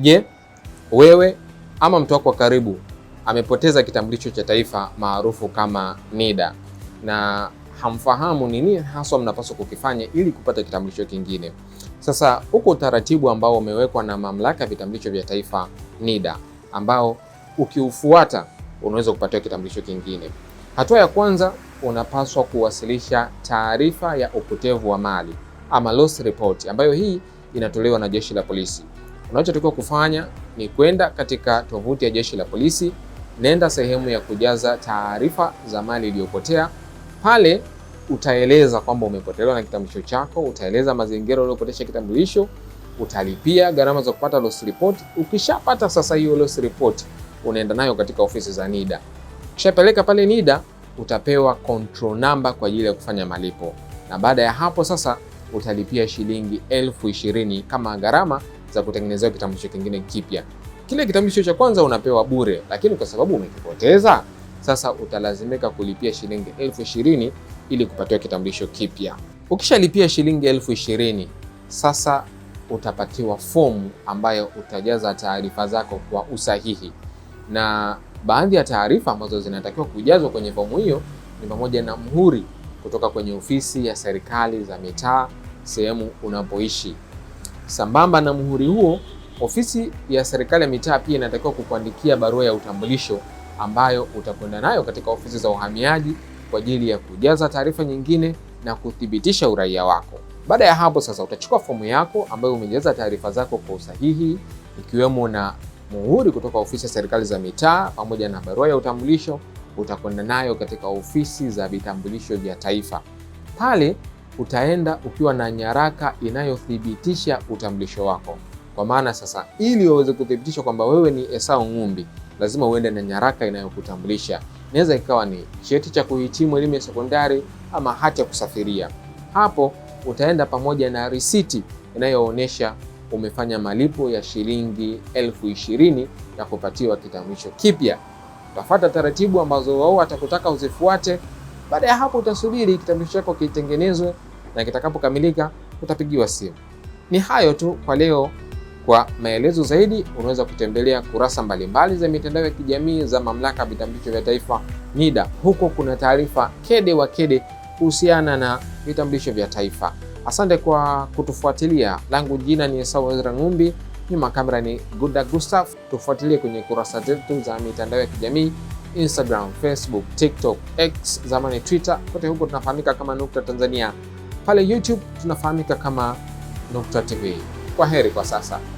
Je, wewe ama mtu wako wa karibu amepoteza kitambulisho cha taifa maarufu kama NIDA na hamfahamu ni nini haswa mnapaswa kukifanya ili kupata kitambulisho kingine? Sasa huko utaratibu ambao umewekwa na mamlaka ya vitambulisho vya taifa NIDA, ambao ukiufuata unaweza kupatiwa kitambulisho kingine. Hatua ya kwanza, unapaswa kuwasilisha taarifa ya upotevu wa mali ama loss report, ambayo hii inatolewa na jeshi la polisi. Unachotakiwa kufanya ni kwenda katika tovuti ya Jeshi la Polisi, nenda sehemu ya kujaza taarifa za mali iliyopotea. Pale utaeleza kwamba umepotelewa na kitambulisho chako, utaeleza mazingira uliopotesha kitambulisho, utalipia gharama za kupata loss report. Ukishapata sasa hiyo loss report, unaenda nayo katika ofisi za NIDA. Ukishapeleka pale NIDA, utapewa control number kwa ajili ya kufanya malipo, na baada ya hapo sasa utalipia shilingi elfu ishirini kama gharama za kutengenezea kitambulisho kingine kipya. Kile kitambulisho cha kwanza unapewa bure, lakini kwa sababu umekipoteza sasa utalazimika kulipia shilingi elfu ishirini ili kupatiwa kitambulisho kipya. Ukishalipia shilingi elfu ishirini sasa utapatiwa fomu ambayo utajaza taarifa zako kwa usahihi, na baadhi ya taarifa ambazo zinatakiwa kujazwa kwenye fomu hiyo ni pamoja na mhuri kutoka kwenye ofisi ya serikali za mitaa sehemu unapoishi. Sambamba na muhuri huo, ofisi ya serikali ya mitaa pia inatakiwa kukuandikia barua ya utambulisho ambayo utakwenda nayo katika ofisi za uhamiaji kwa ajili ya kujaza taarifa nyingine na kuthibitisha uraia wako. Baada ya hapo sasa, utachukua fomu yako ambayo umejaza taarifa zako kwa usahihi, ikiwemo na muhuri kutoka ofisi ya serikali za mitaa pamoja na barua ya utambulisho, utakwenda nayo katika ofisi za vitambulisho vya taifa pale utaenda ukiwa na nyaraka inayothibitisha utambulisho wako. Kwa maana sasa, ili waweze kuthibitisha kwamba wewe ni Esau Ng'umbi, lazima uende na nyaraka inayokutambulisha. Inaweza ikawa ni cheti cha kuhitimu elimu ya sekondari ama hati ya kusafiria. Hapo utaenda pamoja na risiti inayoonyesha umefanya malipo ya shilingi elfu ishirini na kupatiwa kitambulisho kipya. Utafata taratibu ambazo wao watakutaka uzifuate. Baada ya hapo, utasubiri kitambulisho chako kitengenezwe na kitakapokamilika utapigiwa simu. Ni hayo tu kwa leo. Kwa maelezo zaidi unaweza kutembelea kurasa mbalimbali za mitandao ya kijamii za Mamlaka ya Vitambulisho vya Taifa NIDA. Huko kuna taarifa kede wa kede kuhusiana na vitambulisho vya taifa. Asante kwa kutufuatilia. Langu jina ni Esau Ezra Ng'umbi, nyuma kamera ni Guda Gustaf. Tufuatilie kwenye kurasa zetu za mitandao ya kijamii Instagram, Facebook, TikTok, X zamani Twitter. Kote huko tunafahamika kama Nukta Tanzania. Pale YouTube tunafahamika kama Nukta TV. Kwa heri kwa sasa.